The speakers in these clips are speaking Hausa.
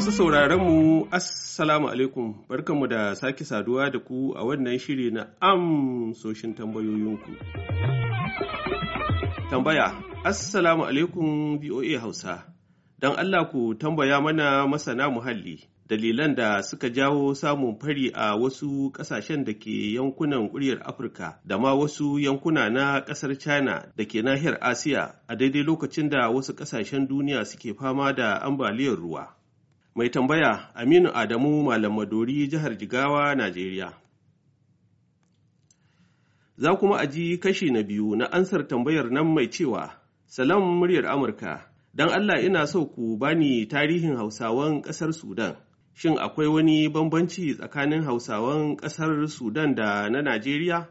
Masu sauraron mu Assalamu alaikum barkanmu da sake saduwa da ku a wannan shiri na amsoshin tambayoyinku. Tambaya Assalamu alaikum VOA Hausa don Allah ku tambaya mana masana muhalli dalilan da suka jawo samun fari a wasu ƙasashen da ke yankunan ƙuryar Afirka da ma wasu yankuna na ƙasar China da ke nahiyar Asiya a daidai lokacin da wasu ƙasashen duniya suke fama da ambaliyar ruwa. Mai tambaya Aminu Adamu Malam Madori jihar Jigawa, Najeriya. Za kuma a ji kashi na biyu na ansar tambayar nan mai cewa, Salam muryar Amurka, don Allah ina so ku bani tarihin Hausawan ƙasar Sudan. Shin akwai wani bambanci tsakanin Hausawan ƙasar Sudan da na Najeriya?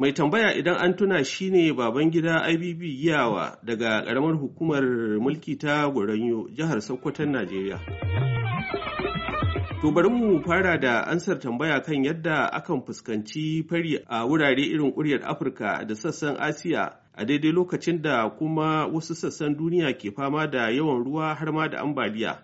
mai tambaya idan an tuna shine baban gida ibb giyawa daga karamar hukumar mulki ta goranyo jihar sokoton najeriya To bari mu fara da ansar tambaya kan yadda akan fuskanci fari a wurare irin kuryar Afirka da sassan Asiya a daidai lokacin da kuma wasu sassan duniya ke fama da yawan ruwa har ma da ambaliya.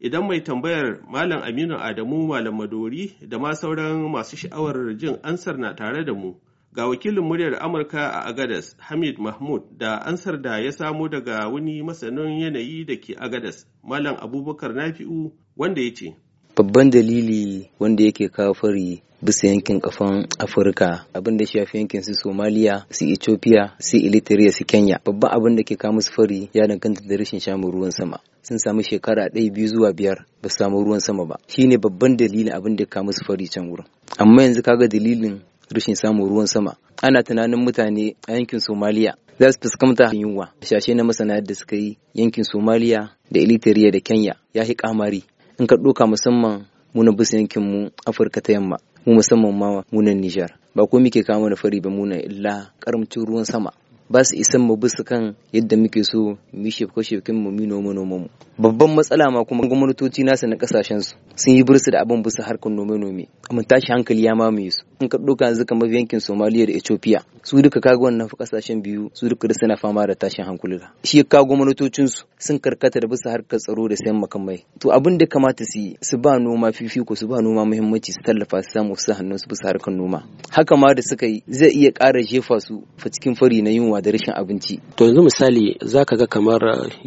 Idan mai tambayar Malam Aminu Adamu Malam Madori da ma sauran masu sha'awar jin ansar na tare da mu, Ga wakilin muryar Amurka a Agadas, Hamid Mahmud, da ansar da ya samo daga wani masanin yanayi da ke Agadas, Malam Abubakar Nafi'u, wanda ya ce. Babban dalili wanda yake kawo fari bisa yankin kafan afirka abin da shafi yankin su somaliya su ethiopia su eritrea su kenya babban abin da ke kawo musu fari ya danganta da rashin shamu ruwan sama sun samu shekara ɗaya biyu zuwa biyar ba su samu ruwan sama ba shine babban dalilin abin da kawo musu fari can wurin amma yanzu kaga dalilin rashin samun ruwan sama ana tunanin mutane a yankin somaliya za su fuskanta yunwa shashe na masana da suka yi yankin somaliya da eritrea da kenya ya yi kamari in ka ɗoka musamman muna bisa yankin mu afirka ta yamma mu musamman ma munan nijar ba ko muke kama da fari ba muna illa karamcin ruwan sama ba su isan mu bisa kan yadda muke so mu shefko shefkin mu mi noma noma mu babban matsala ma kuma gwamnatoci nasu na kasashen su sun yi bursu da abin bisa harkar nome nome amma tashi hankali ya mamaye su in ka ɗauka yanzu kamar yankin somaliya da ethiopia su duka kago wannan kasashen biyu su duka da suna fama da tashin hankula shi ka gwamnatocin su sun karkata da bisa harkar tsaro da sayan makamai to abin da kamata su yi su ba noma fifiko su ba noma muhimmanci su tallafa su samu su hannun su bisa harkar noma haka ma da suka yi zai iya ƙara jefa su fa cikin fari na yunwa da rashin abinci to yanzu misali zaka ga kamar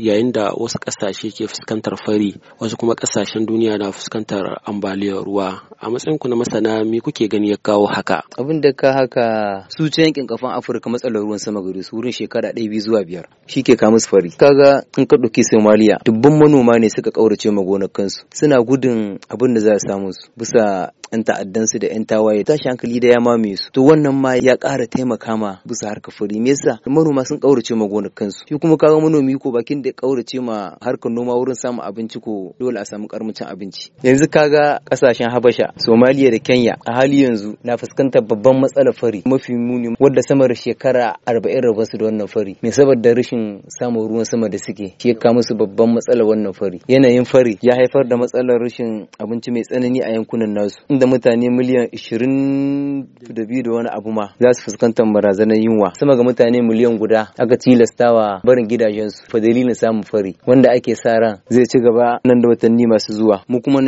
yayin da wasu kasashe ke fuskantar fari wasu kuma kasashen duniya na fuskantar ambaliyar ruwa a matsayin ku na masana me kuke gani ya kawo kawo haka abin da ka haka su ce yankin kafan afirka matsalar ruwan sama gari su wurin shekara ɗaya biyu zuwa biyar shi ke kamus fari kaga in ka ɗauki somaliya dubban manoma ne suka ƙaurace ma gonakansu suna gudun abin da za a samu su bisa 'yan ta'addan su da 'yan tawaye tashi hankali da ya mamaye su to wannan ma ya ƙara taimaka ma bisa harka fari me yasa manoma sun ƙaurace ma gonakan su shi kuma kaga manomi ko bakin da ya ƙaurace ma harkar noma wurin samun abinci ko dole a samu karamcin abinci yanzu kaga kasashen Habasha Somaliya da Kenya a hali yanzu na fuskantar babban matsalar fari mafi muni wadda sama shekara 40 rabon su da wannan fari me saboda rashin samun ruwan sama da suke shi ya kawo musu babban matsalar wannan fari yanayin fari ya haifar da matsalar rashin abinci mai tsanani a yankunan nasu da mutane miliyan 22 da wani abu ma za su fuskantar barazanar yunwa sama ga mutane miliyan guda aka tilastawa barin gidajensu fa dalilin samun fari wanda ake sa ran zai ci gaba nan da watanni masu zuwa mu kuma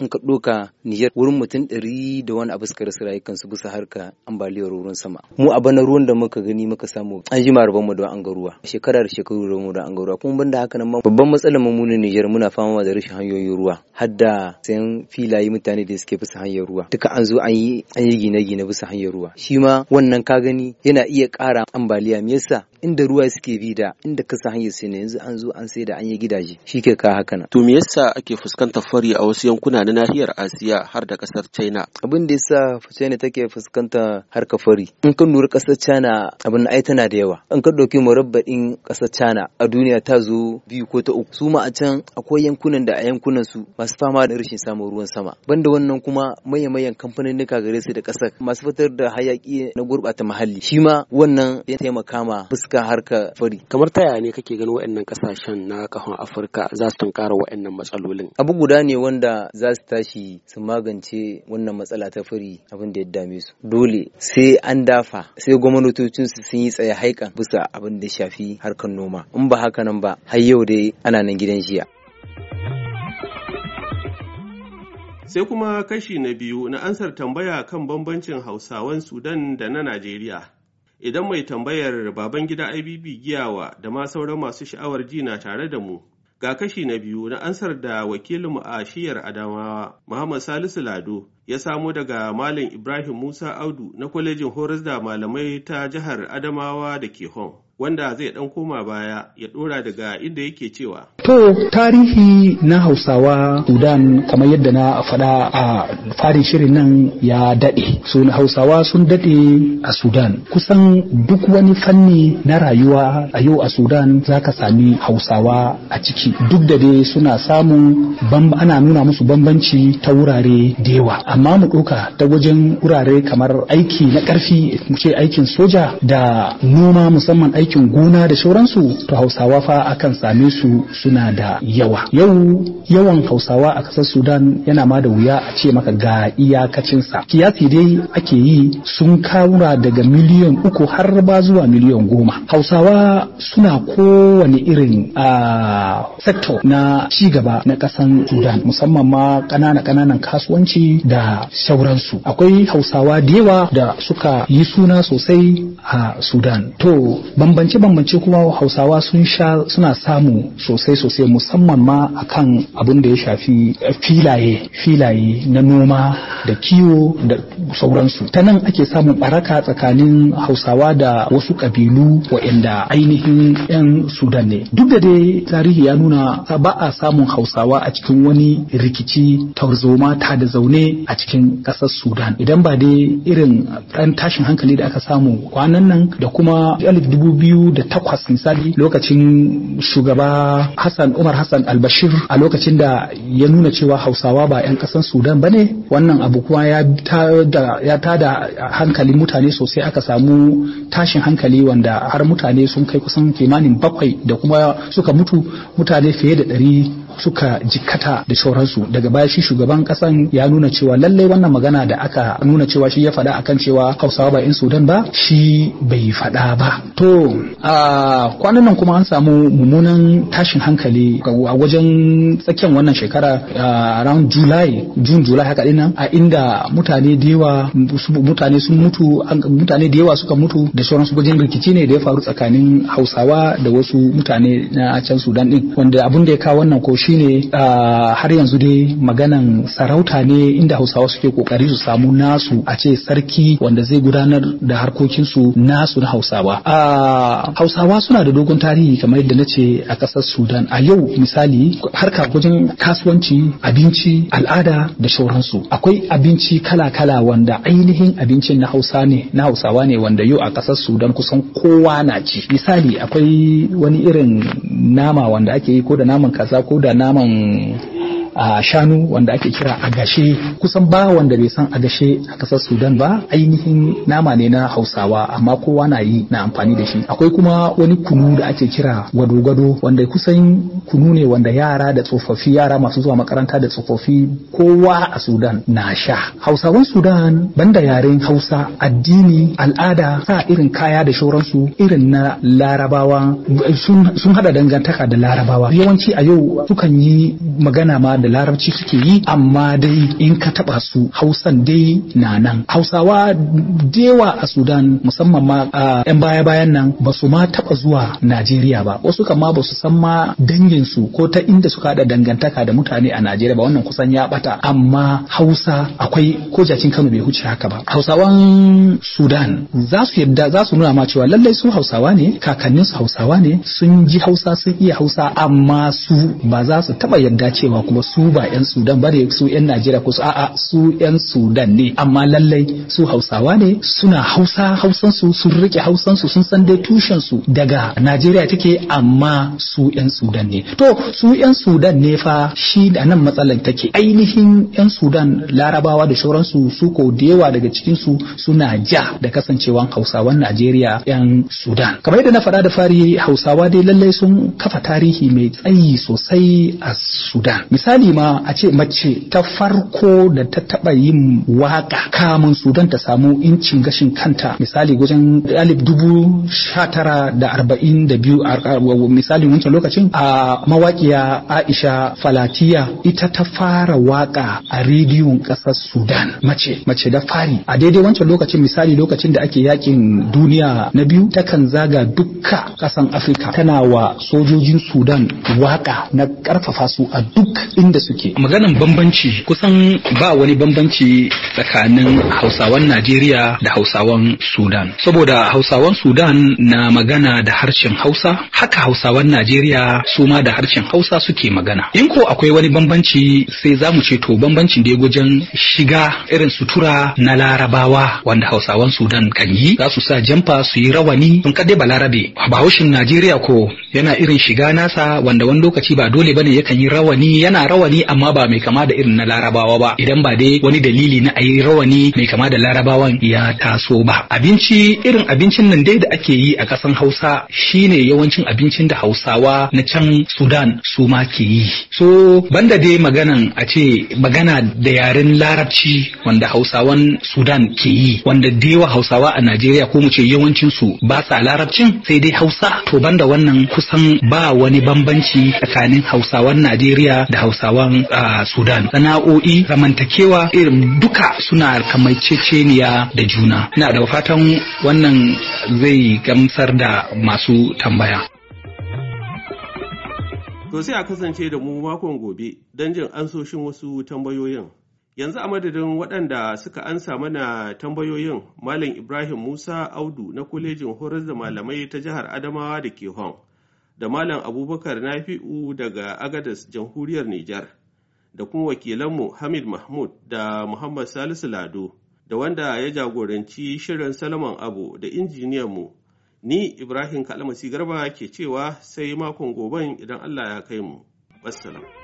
in ka ɗoka Nijar wurin mutum ɗari da wani abu suka rasa rayukansu bisa harka ambaliyar ruwan sama. Mu a bana ruwan da muka gani muka samu an ji marabar mu don an ga ruwa. Shekara da shekaru da mu don an ga ruwa. Kuma banda haka nan babban matsalar mu ne Nijar muna fama da rashin hanyoyin ruwa. Hadda sayan filaye mutane da suke bisa hanyar ruwa. Duka an zo an yi an yi gine-gine bisa hanyar ruwa. Shi ma wannan ka gani yana iya ƙara ambaliya me yasa inda ruwa suke bi da inda kasa hanyar sai ne yanzu an zo an sai da an yi gidaje shi ke ka haka na. to me yasa ake fuskantar fari a wasu yankuna na nahiyar asiya har da kasar china abin da yasa china take fuskanta harka fari in ka lura kasar china abin ai tana da yawa in ka ɗauki murabba'in kasar china a duniya ta zo biyu ko ta uku su ma a can akwai yankunan da a yankunan su masu fama da rashin samun ruwan sama banda wannan kuma mayan kamfaninnika gare su da kasar masu fitar da hayaki na gurbata muhalli shi ma wannan ya taimaka ma har harka fari kamar ta yaya ne kake ganin waɗannan kasashen na kahon afirka za su tunkara waɗannan matsalolin abu guda ne wanda za su tashi su magance wannan matsala ta fari abin da ya dame su dole sai an dafa sai gwamnatocin su sun yi tsaye haikan bisa abin da shafi harkar noma in ba haka nan ba har yau dai ana nan gidan jiya sai kuma kashi na biyu na ansar tambaya kan bambancin hausawan sudan da na najeriya idan mai tambayar baban gida ibb giyawa da ma sauran masu sha'awar ji na tare da mu ga kashi na biyu na ansar da wakilinmu a shiyar adamawa muhammad salisu lado ya samo daga malam ibrahim musa audu na kwalejin horas da malamai ta jihar adamawa da ke home wanda zai dan koma baya ya dora daga inda yake cewa. To tarihi na Hausawa Sudan kamar yadda na faɗa a farin shirin nan ya daɗe. So Hausawa sun daɗe a Sudan. Kusan duk wani fanni na rayuwa a yau a Sudan za ka sami Hausawa a ciki. Duk da dai suna samun ana nuna musu bambanci ta wurare da yawa. Amma mu ɗauka ta wajen wurare kamar aiki na ƙarfi muke aikin soja da noma musamman aiki aikin gona da sauransu to hausawa fa akan same su suna da yawa yau yawan hausawa a ƙasar sudan yana ma da wuya a ce maka ga iyakacinsa kiyasi dai ake yi sun kawura daga miliyan uku har ba zuwa miliyan goma hausawa suna kowane irin a sector na cigaba na ƙasan sudan musamman ma ƙanana ƙananan kasuwanci da sauransu akwai hausawa da yawa da suka yi suna sosai a sudan to bambance-bambance kuma hausawa sun sha suna samu sosai-sosai musamman ma akan abin da ya shafi eh, filaye filaye na noma da kiwo da sauransu ta nan ake samun baraka tsakanin hausawa da wasu kabilu waɗanda ainihin 'yan sudan ne duk da dai tarihi ya nuna ba a samun hausawa a cikin wani rikici tarzoma ta da zaune a cikin ƙasar sudan idan ba dai irin ɗan tashin hankali da aka samu kwanan nan da kuma biyu da takwas misali lokacin shugaba Hassan Umar Hassan Albashir a lokacin da ya nuna cewa Hausawa ba 'yan ƙasar Sudan ba ne wannan abu kuma ya tada hankalin mutane sosai aka samu tashin hankali wanda har mutane sun kai kusan kimanin bakwai da kuma suka mutu mutane fiye da ɗari suka jikkata da shauransu daga baya shi shugaban kasan ya nuna cewa lallai wannan magana da aka nuna cewa shi ya faɗa akan cewa hausawa ba in sudan ba shi bai faɗa ba to a kwanan nan kuma an samu mummunan tashin hankali a wajen tsakiyar wannan shekara around july june july haka dinnan a inda mutane da yawa mutane sun mutu mutane da yawa suka mutu da shauransu wajen rikici ne da ya faru tsakanin hausawa da wasu mutane na can sudan din wanda abun da ya kawo wannan ko shine har yanzu dai maganan sarauta ne inda hausawa suke kokari su samu nasu a ce sarki wanda zai gudanar da harkokinsu nasu na hausawa hausawa suna da dogon tarihi kamar yadda na ce a ƙasar sudan a yau misali harka wajen kasuwanci abinci al'ada da shauransu akwai abinci kala-kala wanda ainihin abincin na hausa ne na hausawa ne wanda yau a ƙasar sudan kusan kowa na ci misali akwai wani irin nama wanda ake yi ko da naman kasa ko da naman a shanu wanda ake kira agashe kusan ba wanda bai san agashe a kasar sudan ba ainihin nama ne na hausawa amma kowa na yi na amfani da shi akwai kuma wani kunu da ake kira gwado-gwado wanda kusan kunu ne wanda yara da tsofaffi yara masu zuwa makaranta da tsofaffi kowa a sudan na sha hausawan sudan banda yaren hausa addini al'ada sa irin kaya da shauransu irin na larabawa sun hada dangantaka da larabawa yawanci a yau sukan yi magana ma da da larabci suke yi amma dai in ka taba su hausan dai na nan hausawa dewa a sudan musamman ma a yan baya bayan nan ba su ma taba zuwa najeriya ba wasu kama ba su san ma dangin su ko ta inda suka da dangantaka da mutane a najeriya ba wannan kusan ya bata amma hausa akwai ko jacin kano bai huce haka ba hausawan sudan za su yadda za su nuna ma cewa lallai su hausawa ne kakannin kakanninsu hausawa ne sun ji hausa sun iya hausa amma su ba za su taba yadda cewa kuma su su ba 'yan sudan ba ne su 'yan najeriya ko su a'a su 'yan sudan ne amma lallai su hausawa ne suna hausa hausansu sun rike hausansu sun san dai tushen su daga najeriya take amma su 'yan sudan ne to su 'yan sudan ne fa shi da nan matsalar take ainihin 'yan sudan larabawa da shoransu su ko da yawa daga su suna ja da kasancewan hausawan najeriya 'yan sudan kamar yadda na faɗa da fari hausawa dai lallai sun kafa tarihi mai tsayi sosai a sudan misali misali ma a ce mace ta farko da ta taba yin waka kamun sudan ta samu incin gashin kanta misali wajen alif dubu sha tara da arba'in da biyu misali wancan lokacin a mawaƙiya aisha falatiya ita ta fara waka a rediyon ƙasar sudan mace mace da fari a daidai wancan lokacin misali lokacin da ake yakin duniya na biyu takan zaga duka kasan afirka tana wa sojojin sudan waka na karfafa su a duk inda suke maganan bambanci kusan ba wani bambanci tsakanin hausawan najeriya da hausawan sudan saboda hausawan sudan na magana da harshen hausa haka hausawan najeriya su ma da harshen hausa suke magana in ko akwai wani bambanci sai za mu ce to bambancin da ya wajen shiga irin sutura na larabawa wanda hausawan sudan kan yi za su sa jamfa su yi rawani sun kadai balarabe bahaushin najeriya ko yana irin shiga nasa wanda wani lokaci ba dole bane yakan yi rawani yana rawani rawani amma ba mai kama da irin na larabawa ba idan ba dai wani dalili na ayi rawani mai kama da larabawan ya taso ba abinci irin abincin nan dai da ake yi a ƙasan hausa shine yawancin abincin da hausawa na can sudan su ma ke yi so banda dai maganan a ce magana da yaren larabci wanda hausawan sudan ke yi wanda da hausawa a najeriya ko mu ce yawancin su ba sa larabcin sai dai hausa to banda wannan kusan ba wani bambanci tsakanin hausawan najeriya da hausa Hausawan a Sudan sana'o'i zamantakewa irin duka suna ceceniya da juna ina da fatan wannan zai gamsar da masu tambaya To sai a kasance da mu makon gobe don jin ansoshin wasu tambayoyin. Yanzu a madadin waɗanda suka ansa mana tambayoyin Malam Ibrahim Musa Audu na Kwalejin Horar da Malamai ta Jihar Adamawa da ke Hong. da Malam Abubakar Nafi'u daga Agadas Jamhuriyar Nijar, da kuma wakilanmu Hamid Mahmud da Muhammad Salisu Lado, da wanda ya jagoranci shirin Salaman Abu da injiniyanmu. Ni Ibrahim Kalmasi Garba ke cewa sai makon goben idan Allah ya kai mu. Wassalam.